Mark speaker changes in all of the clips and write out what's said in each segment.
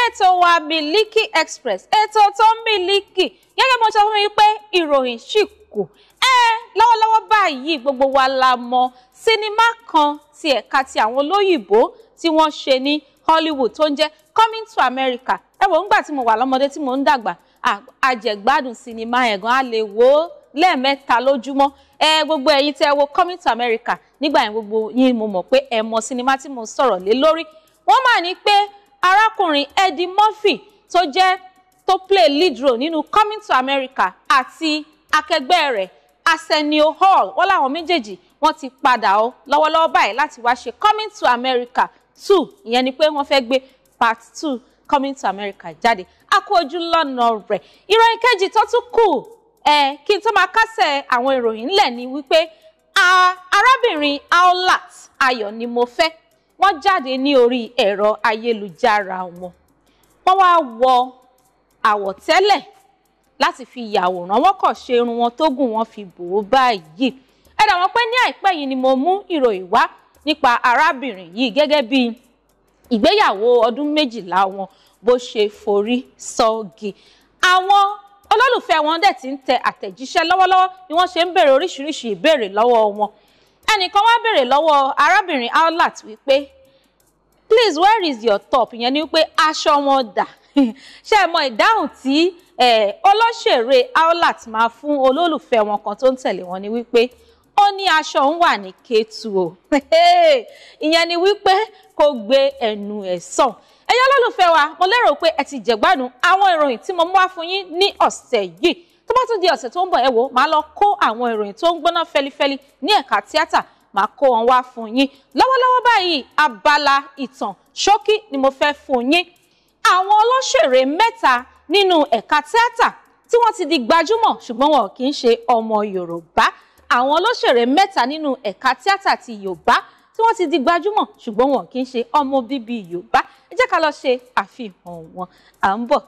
Speaker 1: lórí ètò wa Miliki Express ètò tó ń Miliki gẹ́gẹ́ bó ṣe fún mi pé ìròyìn ṣì kù ẹ lọ́wọ́lọ́wọ́ báyìí gbogbo wa la mọ̀ sinimá kan ti ẹ̀ka ti àwọn olóyìnbó tí wọ́n ṣe ní Hollywood tó ń jẹ́ Coming to America ẹ wò ńgbà tí mo wà lọ́mọdé tí mo ń dàgbà àjẹgbádùn sinimá ẹ̀gán á lè wò ó lẹ́ẹ̀mẹ́ta lójúmọ́ ẹ gbogbo ẹ̀yin tẹ́ wo Coming to America nígbà yẹn gbogbo yín mo mọ̀ pé ẹ mọ̀ sinimá tí mo sọ̀rọ̀ lé lórí wọ́n mà ní pé arákùnrin Eddie Murphy tó jẹ́ tó play lead role nínú Coming to America àti akẹgbẹ́ rẹ̀ Arsenio Hall wọ́n láwọn méjèèjì wọ́n ti padà ọ lọ́wọ́lọ́wọ́ báyìí láti wá ṣe Coming to America two ìyẹn ni pé wọ́n fẹ́ gbé part two Coming to America jáde a kó ojú lọ́nà rẹ̀ ìròyìn kejì tó tún kù ẹ kí n tó máa kásẹ̀ àwọn ìròyìn ńlẹ̀ ni wípé arábìnrin Aolat Ayọ̀ ni mo fẹ́ wọ́n jáde ní orí ẹ̀rọ ayélujára wọn wọ́n wá wọ àwọ̀tẹ́lẹ̀ láti fi yàwòrán wọ́n kàn ṣe irun wọn tó gùn wọ́n fi bò ó báyìí ẹ dà wọ́n pé ní àìpẹ́ yìí ni mo mú ìròyìn wá nípa arábìnrin yìí gẹ́gẹ́ bí ìgbéyàwó ọdún méjìlá wọn bó ṣe forí sọ́ọ̀gì àwọn olólùfẹ́ wọn dẹ̀ ti ń tẹ àtẹ̀jíṣẹ́ lọ́wọ́lọ́wọ́ ni wọ́n ṣe ń béèrè oríṣiríṣi ìbéèrè lọ́wọ́ wọn ẹnìkan wá béèrè lọ́wọ́ arábìnrin outlet wípé please where is your top ìyẹn ni wípé aṣọ wọn dà ṣé ẹ mọ ìdáhùn tí olóṣèré outlet máa fún olólùfẹ́ wọn kan tó ń tẹ̀lé wọn ni wípé ó ní aṣọ ń wà ní Kétu o ìyẹn ni wípé kò gbé ẹnu ẹ̀ sàn ẹ̀yọ́ olólùfẹ́ wa mo lérò pé ẹ ti jẹ̀gbádùn àwọn ìròyìn tí mo mú wá fún yín ní ọ̀sẹ̀ yìí tó bá tún di ọ̀sẹ̀ tó ń bọ̀ ẹ wò máa lọ kó àwọn ìròyìn tó ń gbóná fẹlifẹli ní ẹ̀ka tíátà máa kó wọn wá fún yín lọ́wọ́lọ́wọ́ báyìí abala ìtàn ṣókí ni mo fẹ́ fún yín àwọn olóṣèré mẹ́ta nínú ẹ̀ka tíátà tí wọ́n ti di gbajúmọ̀ ṣùgbọ́n wọn kì í ṣe ọmọ Yorùbá àwọn olóṣèré mẹ́ta nínú ẹ̀ka tíátà ti Yorùbá tí wọ́n ti di gbajúmọ̀ ṣùgbọ́n wọn kì í ṣe ọmọ bíbí Yorùbá ẹ jẹ́ ká lọ ṣe àfihàn wọn à ń bọ̀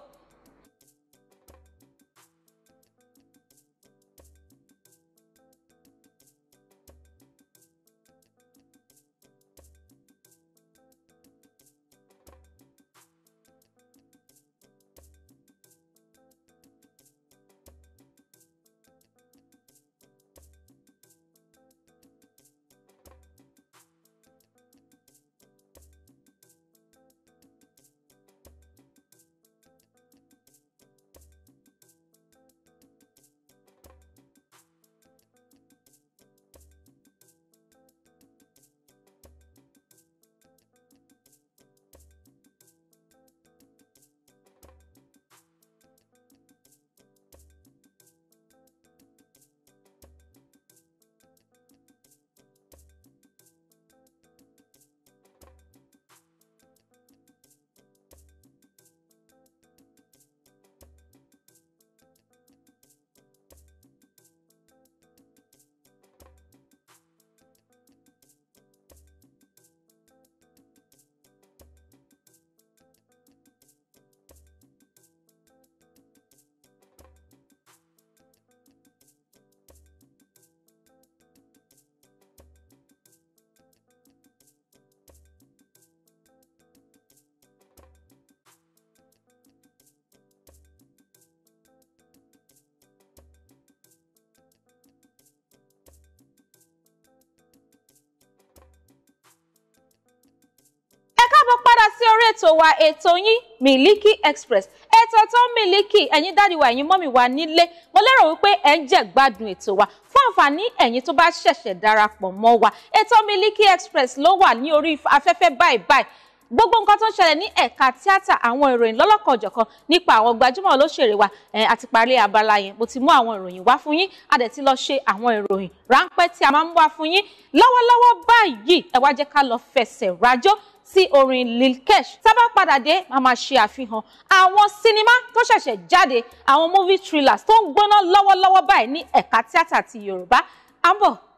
Speaker 1: ètò wa ètò yín Miliki Express ètò tó Miliki ẹ̀yin dáàdi wa ẹ̀yin mọ́mì wa nílé mo lérò wípé ẹ̀ ń jẹ̀ gbádùn ètò wa fún àǹfààní ẹ̀yin tó bá ṣẹ̀ṣẹ̀ darapọ̀ mọ́ wa ètò Miliki Express ló wà ní orí afẹ́fẹ́ báyìí báyìí gbogbo nǹkan tó ń ṣẹlẹ̀ ní ẹ̀ka tíátà àwọn ìròyìn lọ́lọ́kanòjọ̀kan nípa àwọn gbajúmọ̀ olóṣèré wa eh, àti parí abala yẹn mo ti mú àwọn ìròyìn wá fún yín a dẹ̀ ti lọ ṣe àwọn ìròyìn ráńpẹ́ tí a máa ń wá fún yín lọ́wọ́lọ́wọ́ báyìí ẹ wá jẹ́ ká lọ fẹsẹ̀ rájọ́ sí orin Lil Kesh sábà padà dé máa máa ṣe àfihàn àwọn sinimá tó ṣẹ̀ṣẹ̀ jáde àwọn movie thrillers tó ń gbóná lọ́wọ́lọ́wọ́ báyìí ní ẹ̀ka tíátà ti Yorùbá à